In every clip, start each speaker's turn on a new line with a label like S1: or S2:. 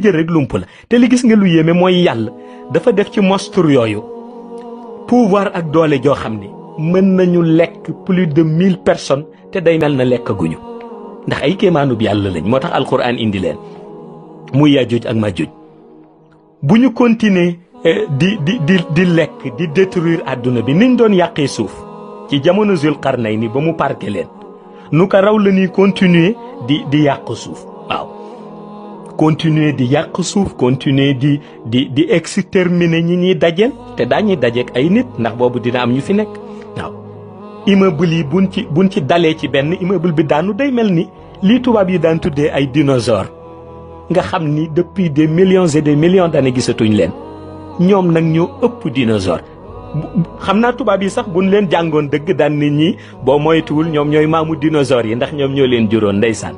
S1: ci jël lump la te li gis nga lu yéeme mooy yàlla dafa def ci monstre yooyu pouvoir ak doole joo xam ni mën nañu lekk plus de mille personnes te day mel na lekkaguñu ndax ay bi yàlla lañ moo tax alquran indi leen muy yaajuj ak maajuj bu ñu continuer eh, di di di di lekk di détruire àdduna bi niñ doon yàqee suuf ci jamono ni ba mu parke leen nu ko raw la ñuy continuer di di yàq suuf waaw continuer di yàq suuf continuer di di di exterminer ñi ñuy dajeel te daañuy dajeek ay nit ndax boobu dina am ñu fi nekk waaw immeuble yi buñ ci buñ ci dalee ci benn immeuble bi daanu day mel ni lii tubaab yi daan tuddee ay dinosaures nga xam ni depuis de millions et des millions d'années gisatuñ leen ñoom nag ñoo ëpp dinosaures xam naa tubaab yi sax bu buñ leen jàngoon dëgg daan nit ñi boo moytuwul ñoom ñooy maamu dinosaures yi ndax ñoom ñoo leen juróon ndeysaan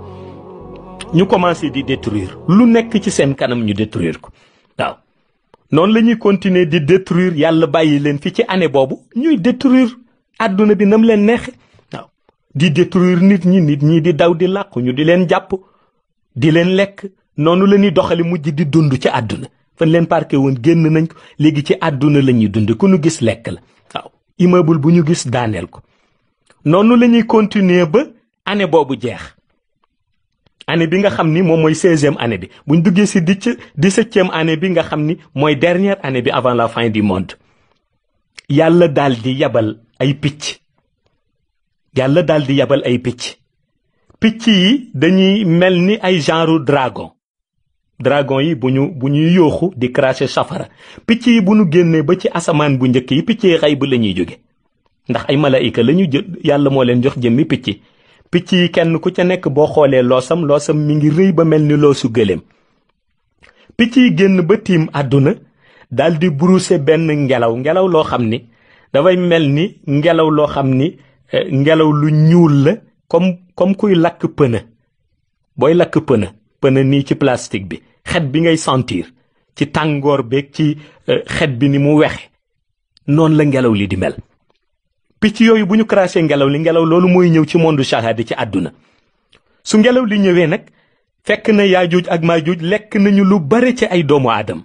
S1: ñu commencé di détruire lu nekk ci seen kanam ñu détruire ko waaw noonu la ñuy continuer di détruire yàlla bàyyi leen fi ci année boobu ñuy détruire àdduna bi nam leen neexe waaw di détruire nit ñi nit ñi di daw di làqu ñu di leen jàpp di leen lekk noonu la ñuy doxali mujj di dund ci àdduna fan leen parqué woon génn nañ ko léegi ci àdduna la ñuy dund ku nu gis lekk la waaw immeuble bu ñu gis daaneel ko noonu la ñuy continuer ba année boobu jeex année bi nga xam ni moom mooy seizième année bi buñ duggee si di septième année bi nga xam ni mooy dernière année bi avant la fin du monde yàlla daal di yabal ay picc yàlla daal di yabal ay picc picc yi dañuy mel ni ay genre dragon dragon yi bu ñu bu ñuy yooxu di cracher safara picc yi bu ñu génnee ba ci asamaan bu njëkk yi picc yi xay bu la ñuy jóge ndax ay malaayika la ñu jël yàlla moo leen jox jëmmi picc picc yi kenn ku ca nekk boo xoolee loosam loosam mi ngi rëy ba mel ni loosu gëléem picc yi génn ba tiim àdduna daldi brousse benn ngelaw ngelaw loo xam ni dafay mel ni ngelaw loo xam ni eh, ngelaw lu ñuul la comme kuy lakk pëna booy lakk pëna pëna nii ci plastique bi xet bi ngay sentir ci tàngoor beeg ci eh, xet bi ni mu wexe noonu la ngelaw li di mel picc yooyu bu ñu crashe ngelaw li ngelaw loolu mooy ñëw ci monde shahadi ci adduna su ngelaw li ñëwee nag fekk na yaajuuj ak maajuuj lekk nañu lu bare ci ay doomu aadam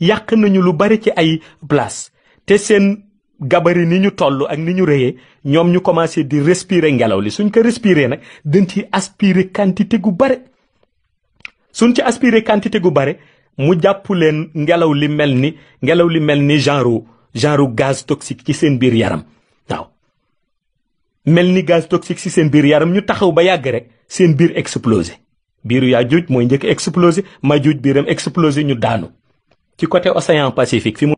S1: yàq nañu lu bare ci ay place te seen gabari ni ñu toll ak ni ñu reyee ñoom ñu commencé di respirer ngelaw li suñ ko respirer nag dañ ci aspirer quantité gu bare suñ ci aspirer quantité gu bare mu jàpp leen ngelaw li mel ni ngelaw li mel ni genre genre gaz toxique ci seen biir yaram mel ni gaz toxique ci seen biir yaram ñu taxaw ba yàgg rek seen biir explosé biiru yaa juuj mooy njëkk explosé ma juuj biiram explosé ñu daanu ci côté océan Pacifique fi mu